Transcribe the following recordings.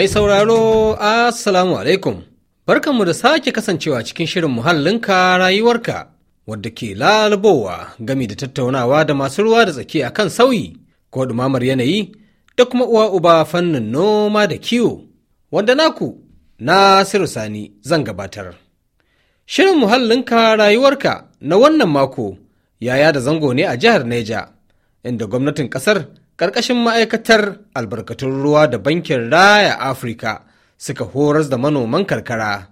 Mai sauraro, Assalamu alaikum. Barkanmu da sake kasancewa cikin shirin muhallinka rayuwarka, wadda ke lalubowa gami da tattaunawa da masu ruwa da tsaki akan sauyi ko ɗumamar yanayi da kuma uwa uba fannin noma da kiwo, wanda naku Nasiru Sani zan gabatar. Shirin muhallinka rayuwarka na wannan mako yaya da zango ne a jihar Neja, inda gwamnatin ƙasar ƙarƙashin ma'aikatar albarkatun ruwa da bankin raya afirka suka horas da manoman karkara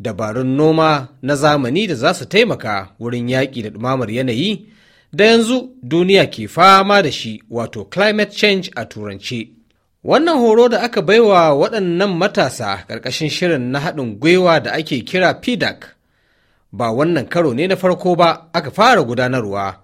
dabarun noma na zamani da za su taimaka wurin yaƙi da ɗumamar yanayi da yanzu duniya ke fama da shi wato climate change a Turanci. wannan horo da aka baiwa waɗannan matasa ƙarƙashin shirin na haɗin gwiwa da ake kira pdac ba wannan karo ne na farko ba aka fara gudanarwa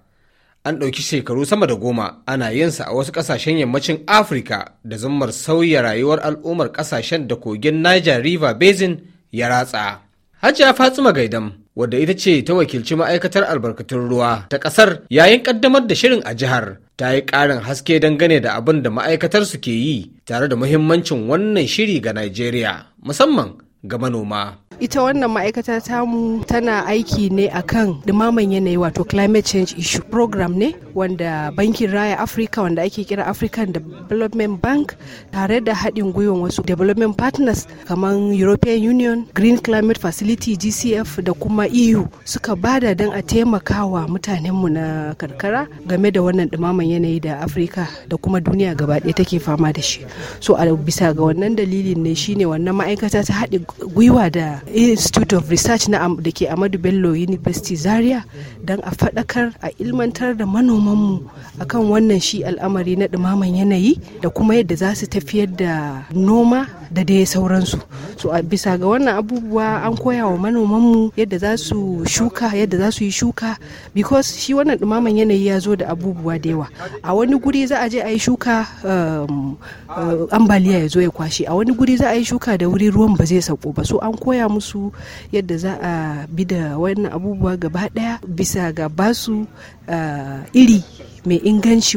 an ɗauki shekaru sama da goma ana yinsa a wasu ƙasashen yammacin afirka da zummar sauya rayuwar al'ummar ƙasashen da kogin niger river basin ya ratsa hajiya fatima gaidam wadda ita ce ta wakilci ma'aikatar albarkatun ruwa ta ƙasar yayin ƙaddamar da shirin a jihar ta yi ƙarin haske dangane da abin da ma'aikatar su ke yi tare da muhimmancin wannan shiri ga Najeriya musamman ga manoma ita wannan ma'aikata tamu tana aiki ne akan dumaman yanayi wato climate change issue program ne wanda bankin raya africa wanda ake kira african development bank tare da haɗin gwiwan wasu development partners kamar european union green climate facility gcf da kuma eu suka bada don a taimakawa mutanenmu na karkara game da wannan dumaman yanayi da afirka da kuma duniya gaba ɗaya take fama da shi so a bisa ga wannan dalilin ne shine wannan ma'aikata ta haɗin gwiwa da institute of research na da ke amadu bello university zaria don a faɗakar a ilmantar da manomanmu akan wannan shi al'amari na dumaman yanayi da kuma yadda za su tafiyar da noma da dai sauransu so a bisa ga wannan abubuwa an koya wa manomanmu yadda za su shuka yadda za su yi shuka because shi wannan dumaman yanayi ya zo da abubuwa da yawa a wani guri za a je a yi shuka um, uh, ambaliya ya zo ya kwashe a wani guri za a yi shuka da wuri ruwan ba zai sauko ba so an koya musu yadda za a bi da wannan abubuwa gaba daya bisa ga basu uh, iri mai inganci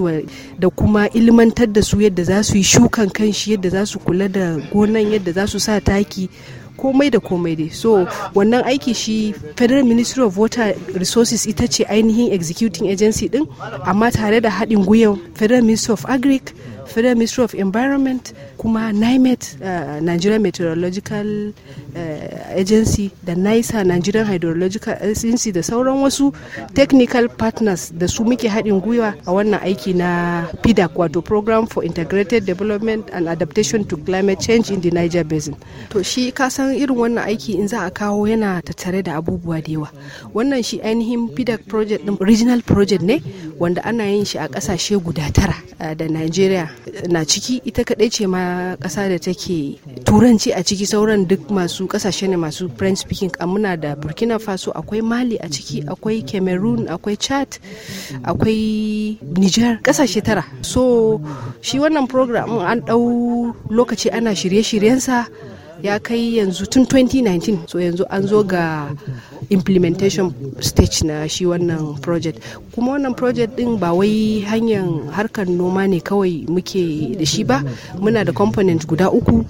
da kuma ilmantar da su yadda za su yi shukan kanshi yadda za su kula da gonan yadda za su sa taki komai da komai dai so wannan aiki shi federal ministry of water resources ita ce ainihin executing agency din amma tare da haɗin gwiwa federal ministry of agric Federal Ministry of Environment kuma NIMET uh, Nigerian Meteorological uh, Agency da NISA Nigerian Hydrological Agency da sauran wasu technical partners da su muke haɗin gwiwa a wannan aiki na PIDAC wato Program for Integrated Development and Adaptation to Climate Change in the Niger Basin. To shi kasan irin wannan aiki in za a kawo yana tattare da abubuwa da yawa. Wannan shi ainihin PIDAC project regional project ne wanda ana yin shi a ƙasashe guda tara da Najeriya na ciki ita kaɗai ce ma ƙasa da take turanci a ciki sauran duk masu ƙasashe ne masu French speaking muna da Burkina Faso akwai Mali a ciki akwai Cameroon akwai Chad akwai Niger ƙasashe tara so shi wannan program an ɗau lokaci ana shirye-shiryensa ya kai yanzu tun 2019 so yanzu an zo ga implementation stage na shi wannan project kuma wannan project din ba wai hanyar harkar noma ne kawai muke da shi ba muna da component guda uku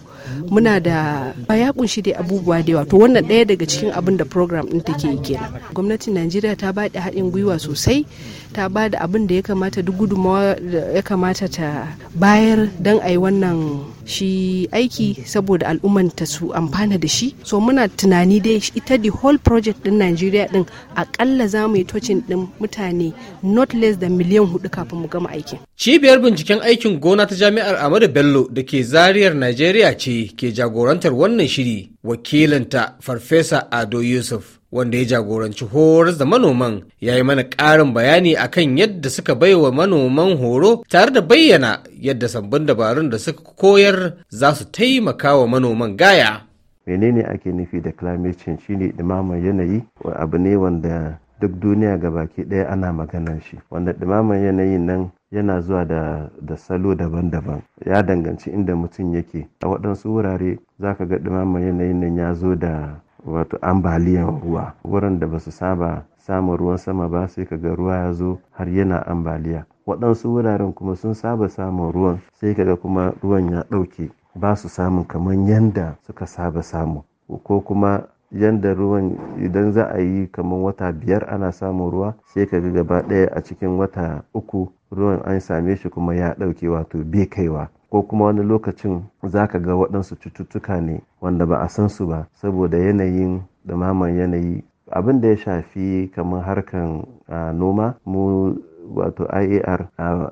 muna da Ba ya kunshi dai abubuwa da yawa to wannan daya daga cikin abin da program ɗin take kenan gwamnatin najeriya ta baɗi haɗin gwiwa sosai ta ba da abin da ya kamata duk gudunmawa da ya kamata ta bayar don a yi wannan shi aiki saboda al'umman ta su amfana da shi so muna tunani dai ita the whole project din Najeriya din akalla za mu yi tocin din mutane not less than miliyan hudu kafin mu gama aikin. Cibiyar binciken aikin gona ta jami'ar amadu Bello da ke zariyar Najeriya ce ke jagorantar wannan shiri wakilinta farfesa ado yusuf wanda ya jagoranci horar da manoman ya yi mana ƙarin bayani akan yadda suka bai wa manoman horo tare da bayyana yadda sabbin dabarun da suka koyar za su taimaka wa manoman gaya menene ake nufi da climate change shine ɗumamar yanayi abu ne wanda duk duniya ga baki daya ana maganar shi wanda ɗumaman yanayin nan yana zuwa da, da salo daban-daban ya danganci inda mutum yake a waɗansu wurare za ka ga ɗumamar yanayin nan ya zo da wato ambaliyan ruwa wurin da ba su saba samun ruwan sama ba sai ka ga ruwa ya zo har yana ambaliya waɗansu wuraren kuma sun saba samun ruwan sai kaga kuma ruwan ya ɗauke ba su samun kamar yanda suka saba samu ko kuma yanda ruwan idan za a yi kamar wata biyar ana samun ruwa sai ka ga gaba ɗaya a cikin wata uku ruwan an same shi kuma ya ɗauke wato bai kaiwa ko kuma wani lokacin za ka ga waɗansu cututtuka ne wanda ba a san su ba saboda yanayin ɗumaman yanayi abin da ya shafi kamar harkan ah, noma mu wato iar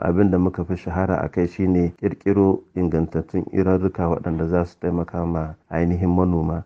abin da muka fi shahara a kai shine kirkiro ingantattun irarruka waɗanda za su taimaka ma ainihin manoma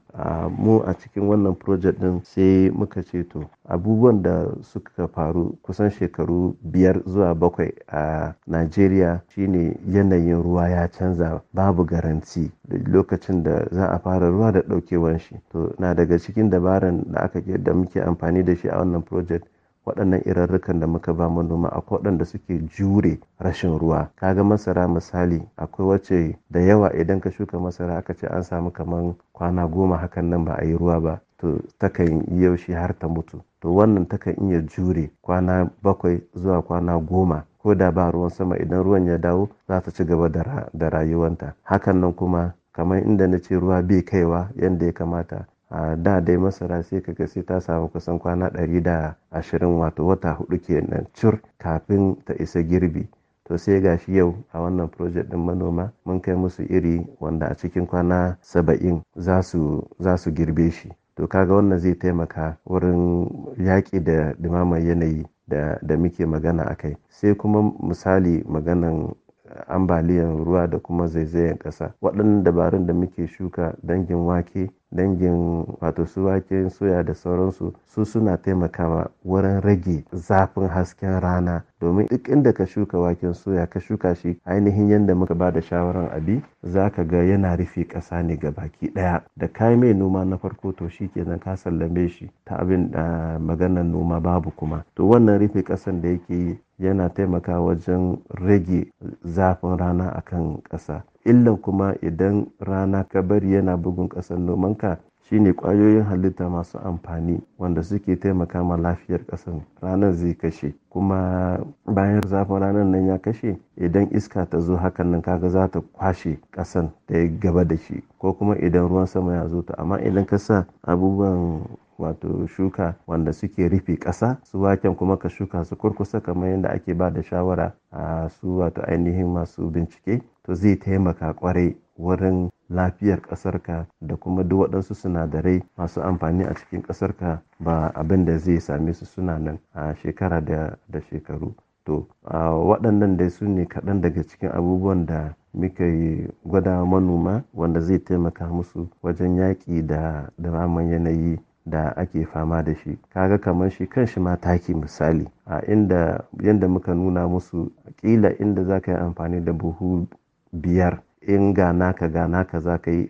mu a cikin wannan project din sai muka ce to abubuwan da suka faru kusan shekaru biyar zuwa bakwai a najeriya shine yanayin ruwa ya canza babu garanti lokacin da za a fara ruwa da ɗaukewan shi to na daga cikin dabaran da aka da muke amfani da shi a wannan project waɗannan irarrukan da muka ba manoma akwai waɗanda suke jure rashin ruwa kaga masara misali akwai wacce da yawa idan ka shuka masara aka ce an samu kaman kwana goma hakan nan ba a yi ruwa ba to takan yi yaushe har ta mutu to wannan takan iya jure kwana bakwai zuwa kwana goma ko da ba ruwan sama idan ruwan ya dawo za ta ci gaba da rayuwanta hakan nan kuma kamar inda na ce ruwa bai kaiwa yadda ya kamata a da dai masara sai ka ga sai ta samu kusan kwana ɗari da ashirin wato wata hudu kenan cur kafin ta isa girbi to sai ga shi yau a wannan project din manoma mun kai musu iri wanda a cikin kwana saba'in za su girbe shi to kaga wannan zai taimaka wurin yaƙi da dimaman yanayi da, muke magana a kai sai kuma misali maganan ambaliyan ruwa da kuma zaizayen ƙasa waɗannan dabarun da muke shuka dangin wake dangin wato su waken soya da sauransu su suna taimakawa wurin rage zafin hasken rana domin duk inda ka shuka waken soya ka shuka shi ainihin yadda muka ba da shawaran abi za ka ga yana rufe ƙasa ne ga baki ɗaya da kai mai noma na farko to shi ke kenan ka sallame shi ta abin da maganar noma babu kuma to wannan rufe ƙasan da yake yi yana taimakawa wajen rage zafin rana akan ƙasa illa kuma idan rana ka bari yana bugun ƙasar nomanka shine kwayoyin halitta masu amfani wanda suke taimaka ma lafiyar ƙasar ranar zai kashe kuma bayan zafin ranar nan ya kashe idan iska ta zo hakan nan kaga za ta kwashe ƙasan da ya gaba da shi ko kuma idan ruwan sama ya zo ta amma idan ka sa abubuwan wato shuka wanda suke rufe ƙasa su waken kuma ka shuka su kurkusa kamar yadda ake ba da shawara a su wato ainihin masu bincike to zai taimaka kwarai wurin lafiyar ƙasarka da kuma duk waɗansu sinadarai masu amfani a cikin ƙasarka ba abin da zai same su suna nan a shekara da shekaru to waɗannan dai su ne kaɗan daga cikin abubuwan da muka yi gwada manoma wanda zai taimaka musu wajen yaƙi da ɗumaman yanayi da ake fama da shi kaga kamar shi kan shi ma taki misali a inda yadda muka nuna musu kila inda za ka yi amfani da buhu biyar in gana naka ga naka za ka yi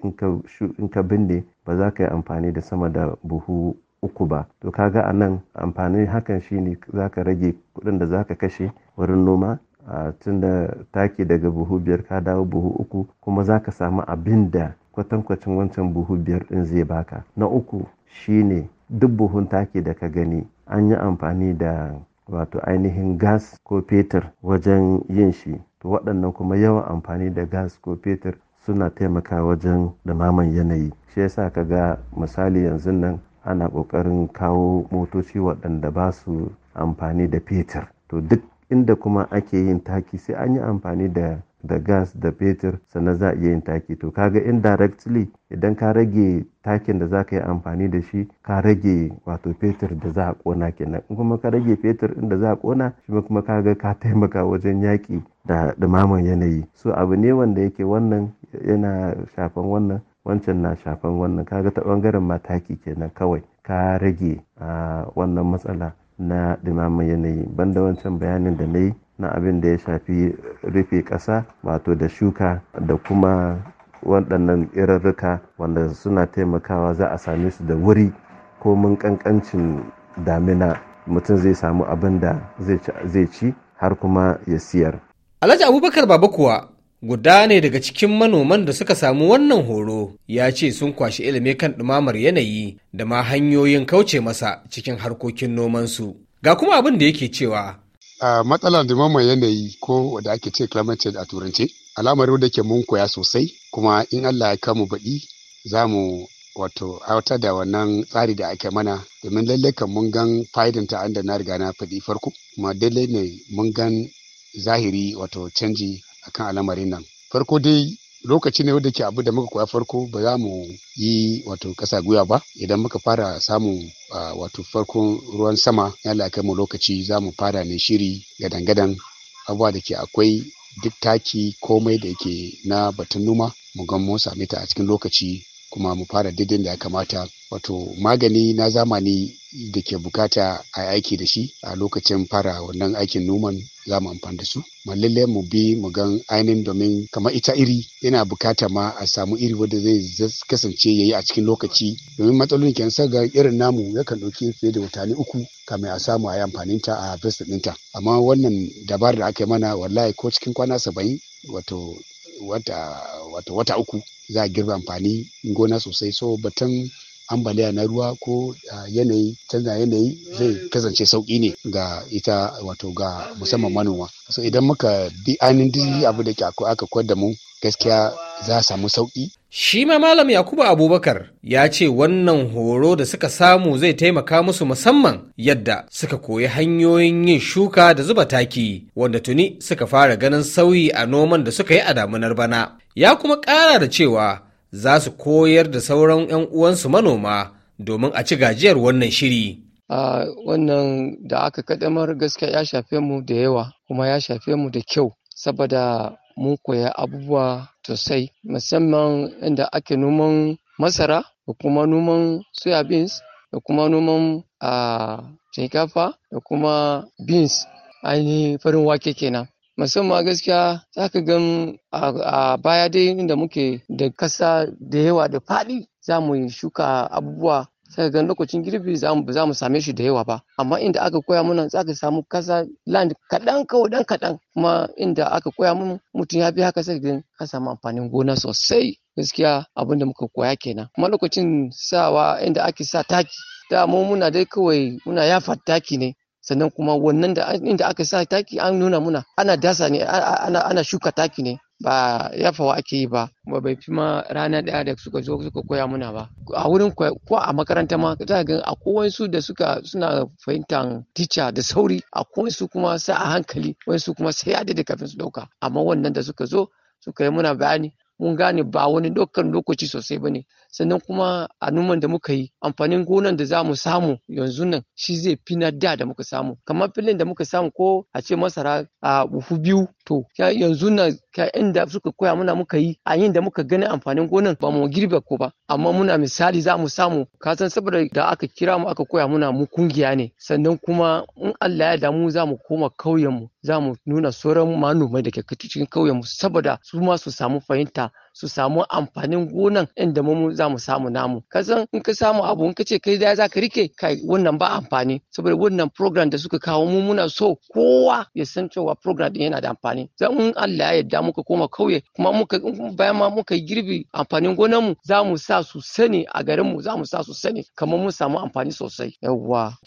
in ka binne ba za ka yi amfani da sama da buhu uku ba to kaga a nan amfani hakan shi ne za ka rage kuɗin da za ka kashe wurin noma a tun da taki daga buhu biyar ka dawo buhu uku kuma za ka samu abin da kwatankwacin wancan buhu biyar ɗin zai baka na uku shine duk buhun taki da ka gani an yi amfani da wato ainihin gas ko fetur wajen yin shi to waɗannan kuma yawan amfani da gas ko fetur suna taimaka wajen ɗumaman yanayi shi yasa ka ga misali yanzu nan ana ƙoƙarin kawo motoci waɗanda ba su amfani da fetur to duk inda kuma ake yin taki sai an yi amfani da da gas da fetur sannan za a iya yin taki to kaga indirectly idan ka rage takin da za ka yi amfani da shi ka rage wato fetur da za a kona kenan in kuma ka rage fetur inda da za a kona shi kuma kaga ka taimaka wajen yaki da dumaman yanayi so abu ne wanda yake wannan yana shafan wannan wancan na shafan wannan kaga ta ɓangaren mataki kenan kawai ka rage ah, wannan matsala na dumama yanayi banda wancan bayanin da na yi na abin da ya shafi rufe ƙasa wato da shuka da kuma waɗannan irarruka wanda suna taimakawa za a same su da wuri ko mun ƙanƙancin damina mutum zai samu abin da zai ci har kuma ya siyar. Alhaji Abubakar Baba kuwa guda ne daga cikin manoman da suka samu wannan horo ya ce sun kwashi ilimi kan ɗumamar yanayi da ma hanyoyin kauce masa cikin harkokin nomansu ga kuma abin da yake cewa uh, matsalar dumamar yanayi ko da ake ce climate change a turance alamar da ke mun koya sosai kuma in allah ya kamu baɗi za mu wato aiwatar da wannan tsari da ake mana domin lallai kan mun gan fa'idan ta an da na riga na faɗi farko kuma daidai ne mun gan zahiri wato canji akan al'amarin nan farko dai lokaci ne wanda ke abu da muka koya farko ba za mu yi wato kasa guya ba idan muka fara samun wato farkon ruwan sama ya lakai mu lokaci za mu fara ne shiri gadan-gadan da ke akwai duk taki komai da yake na batun noma mu gan mu same ta a cikin lokaci kuma mu fara daidai da ya kamata wato magani na zamani da ke bukata a aiki da shi a lokacin fara wannan aikin noman za mu amfani da su ma mu bi mu gan ainihin domin kamar ita iri yana bukata ma a samu iri wanda zai kasance ya yi a cikin lokaci domin matsalolin kyan ga irin namu yakan ɗauki fiye da watanni uku kamin a samu a yi amfanin ta a fesa ɗinta amma wannan dabarar da aka yi mana wallahi ko cikin kwana saba'in wato wata wata uku za a girbe amfani gona sosai so batun ambaliya na ruwa ko yanayi canza yanayi zai kasance sauki ne ga ita wato ga musamman manoma so idan muka bi ainihin dizi abu da ke aka kwadda da mu gaskiya za a samu sauki shi ma malam yakubu abubakar ya ce wannan horo da suka samu zai taimaka musu musamman yadda suka koyi hanyoyin yin shuka da zuba taki wanda tuni suka fara ganin sauyi a noman da suka yi a damunar bana ya kuma ƙara da cewa za su koyar da sauran 'yan uwansu manoma domin a ci gajiyar wannan shiri. Uh, wannan da aka kaddamar gaskiya ya shafe mu da yawa kuma ya shafe mu da kyau saboda mun koya abubuwa sosai musamman inda ake noman masara da kuma noman beans, da kuma noman shinkafa da kuma beans ainihin farin wake kenan musamman gaskiya za ka gan a baya dai inda muke da kasa da yawa da faɗi za mu shuka abubuwa sai ga lokacin girbi za mu same shi da yawa ba amma inda aka koya mana za ka samu kasa land kaɗan kawai dan kaɗan kuma inda aka koya mun mutum ya bi haka sai ka samu amfanin gona sosai gaskiya abin da muka koya kenan kuma lokacin sawa inda ake sa taki da mu muna dai kawai muna yafa taki ne sannan kuma wannan da inda aka sa taki an nuna muna ana dasa ne ana shuka taki ne ba yafawa ake yi ba ba bai fi ma rana ɗaya da suka zo suka koya muna ba a wurin ko a makaranta ma za ga akwai su da suka suna fahimtar tica da sauri akwai su kuma sai a hankali wani su kuma sai ya kafin su ɗauka amma wannan da suka zo suka yi muna bayani mun gane ba wani ɗaukar lokaci sosai ba ne sannan kuma a noman da muka yi amfanin gonan da za mu samu yanzu nan shi zai fi na da da muka samu kamar filin da muka samu ko a ce masara a buhu biyu to yanzu nan ka inda suka koya muna muka yi a yin da muka gani amfanin gonan ba mu girbe ko ba amma muna misali za mu samu kasan saboda da aka kira mu aka koya muna mu kungiya ne sannan kuma in Allah ya damu za mu koma kauyen mu za mu nuna sauran manomai da ke cikin mu saboda su ma su samu fahimta su samu amfanin gonan inda mu za mu samu namu kasan in ka samu abu in ka ce kai da za ka rike kai wannan ba amfani saboda wannan program da suka kawo mu muna so kowa ya san cewa program din yana da amfani zan in Allah ya yarda muka koma kauye kuma muka bayan ma muka yi girbi amfanin gonan mu za mu sa su sani a garin mu za mu sa su sani kamar mun samu amfani sosai yawwa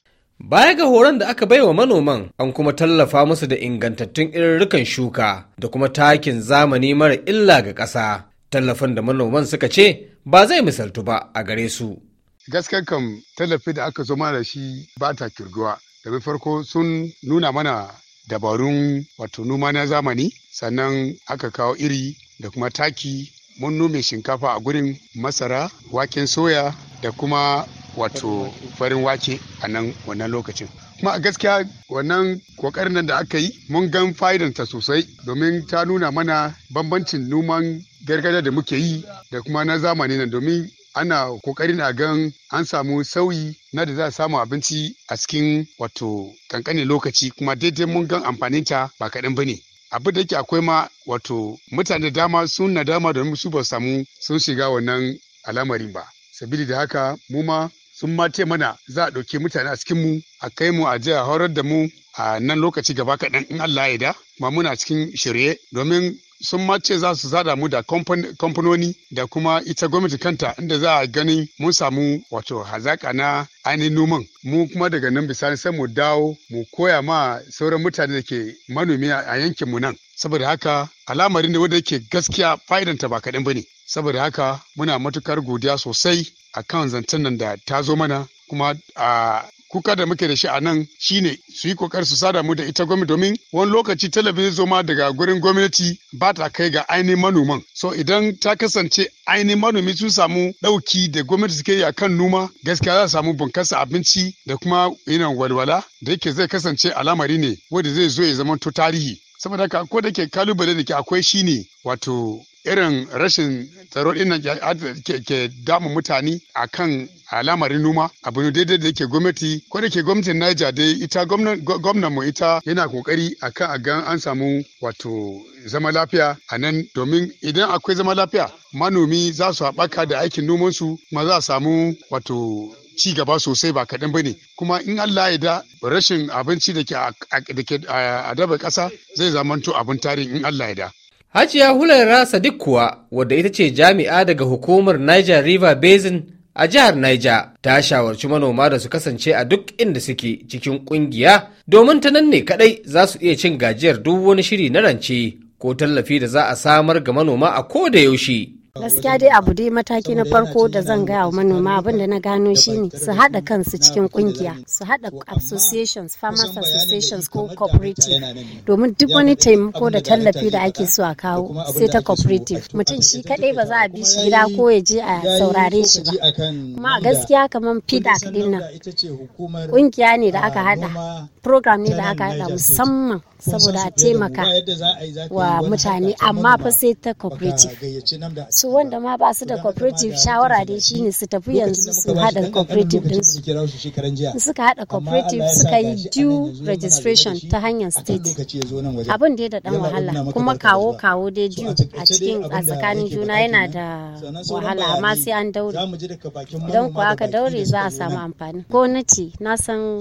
Baya ga horon da aka baiwa manoman an kuma tallafa musu da ingantattun irin shuka da kuma takin zamani mara illa ga ƙasa. Tallafin da manoman suka ce ba zai misaltu ba a gare su. Gaskiyar kam tallafi da aka zo mana da shi ba ta kirguwa. Da farko sun nuna mana dabarun wato noma na zamani sannan aka kawo iri da kuma taki mun nome shinkafa a gurin masara waken soya da kuma wato farin wake a nan wannan lokacin kuma a gaskiya wannan kokarin nan da aka yi mun gan fa'idanta sosai domin ta nuna mana bambancin noman gargajiya da muke yi da kuma na zamani nan domin ana kokarin a gan an samu sauyi na da za a samu abinci a cikin wato kankanin lokaci kuma daidai mun gan ta ba kaɗan ba ne abin da yake akwai ma wato mutane dama sun nadama domin su ba samu sun shiga wannan al'amarin ba sabili da haka mu ma sun ma ce mana za a ɗauki mutane a cikin mu a kai mu a jiya horar da mu a nan lokaci gaba kaɗan in Allah ya da ma muna cikin shirye domin sun ma ce za su zada mu da kamfanoni da kuma ita gwamnati kanta inda za a ganin mun samu wato hazaka na ainihin noman mu kuma daga nan bisani sai mu dawo mu koya ma sauran mutane da ke manomi a yankinmu nan saboda haka alamarin ne wanda yake gaskiya fa'idanta ba kaɗan ba ne saboda haka muna matukar godiya sosai a kan zancen nan da ta zo mana kuma a kuka da muke da shi a nan shine su yi kokari su sada mu da ita gwamnati domin wani lokaci talabijin zo ma daga gurin gwamnati ba ta kai ga ainihin manoman so idan ta kasance ainihin manomi sun samu ɗauki da gwamnati suke yi a kan noma gaskiya za samu bunkasa abinci da kuma yinan walwala da yake zai kasance alamari ne wanda zai zo ya zama to tarihi saboda haka ko da ke kalubale da ke akwai shine wato irin rashin tsaro din nan ke damun mutane a kan alamarin noma abu ne daidai da yake gwamnati ko da ke gwamnatin Niger dai ita gwamnan mu ita yana kokari kan a gan an samu wato zama lafiya a nan domin idan akwai zama lafiya manomi za su haɓaka da aikin nomansu ma za a samu wato ci gaba sosai ba kaɗan ba ne kuma in Allah ya da rashin abinci da ke a daba ƙasa zai zamanto abin tarihi in Allah ya da. Hajiya Hulara Sadiq kuwa wadda ita ce jami'a daga hukumar Niger River Basin a jihar Niger ta shawarci manoma da su kasance a duk inda suke cikin kungiya domin ta nan ne kadai za su iya cin gajiyar duk wani shiri na rance ko tallafi da za a samar ga manoma a ko da yaushe. Gaskiya dai abu dai mataki na farko da zan gaya wa manoma abin da na gano shine su haɗa kansu cikin kungiya su haɗa associations farmers associations ko cooperative domin duk wani taimako da tallafi da ake so a kawo sai ta cooperative mutum shi kaɗai ba za a bi shi gida ko ya je a saurare shi ba kuma a gaskiya kamar fida kadin nan kungiya ne da aka haɗa program ne da aka haɗa musamman saboda a taimaka wa mutane amma fa sai ta cooperative su wanda ma ba su da cooperative shawara dai shine su tafi yanzu su hada cooperative din su suka hada cooperative suka yi due registration ta hanyar state abin ya da dan wahala kuma kawo kawo dai due a cikin a tsakanin juna yana da wahala amma sai an daure don ku aka daure za a samu amfani Ko na na san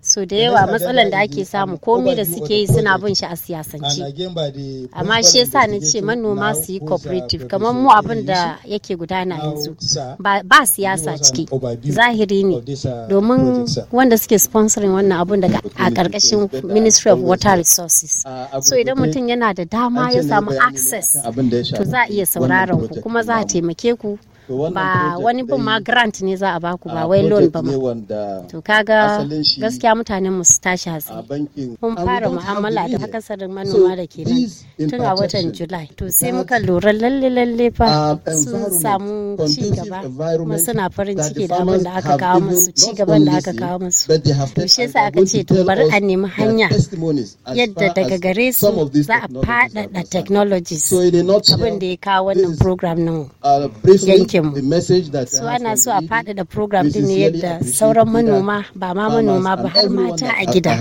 su da yawa matsalan da ake samu komai da suke yi suna bin shi a siyasance amma shi yasa ni ce manoma su yi cooperative kamar mu abin da yake gudana yanzu ba siyasa ciki zahiri ne uh, domin wanda suke sponsoring wannan abun daga a karkashin ministry of water resources uh, so idan mutum yana da dama ya samu access to za a iya sauraron ku kuma za a taimake ku ba wani bin ma grant ne za a baku ba wai loan ba ma to kaga gaskiya mutanen mu su tashi hatsi mun fara mu'amala da akasarin manoma da ke nan tun a watan july to sai muka lura lalle lalle fa sun samu ci gaba kuma suna farin ciki da abin da aka kawo musu ci gaban da aka kawo musu to shi yasa aka ce to bari a nemi hanya yadda daga gare su za a faɗaɗa technologies abin da ya kawo wannan program nan uh, yanke aikinmu su ana so a da program din ne yadda sauran manoma ba ma manoma ba har mata a gida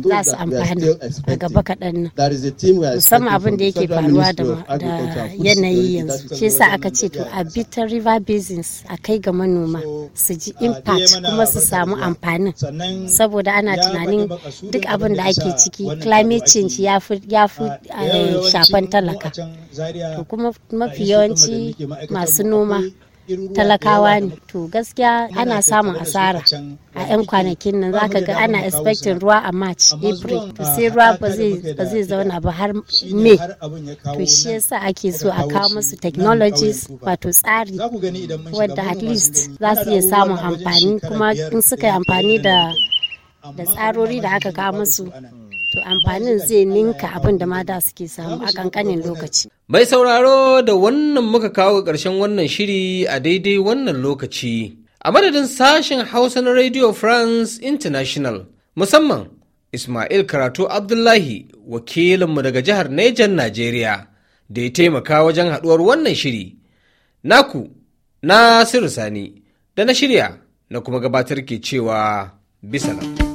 za su amfani a gaba kaɗan nan musamman abin da yake faruwa da yanayi yanzu shi sa aka ce to a bitter river basins a kai ga manoma su ji ah, impact kuma su samu amfanin saboda ana tunanin duk abin da ake ciki climate change ya fi ah, eh, shafan talaka kuma mafi yawanci masu noma talakawa ne to gaskiya ana samun asara a 'yan kwanakin nan zaka ga ana expecting ruwa a march april to sai ah, ruwa ba zai zauna ba har may to shi yasa ake so a kawo musu technologies wato tsari wadda at least za su iya samun amfani kuma in suka yi amfani da tsarori da aka kawo musu to amfanin zai ninka abin da ma da suke samu a kankanin lokaci. Mai sauraro da wannan muka kawo ƙarshen wannan shiri a daidai wannan lokaci. A madadin sashen Hausa na Radio France International, musamman Ismail Karatu Abdullahi, wakilinmu daga jihar Nejan Najeriya, da ya taimaka wajen haɗuwar wannan shiri. Naku, Nasiru Sani, da na shirya, na kuma gabatar ke cewa bisa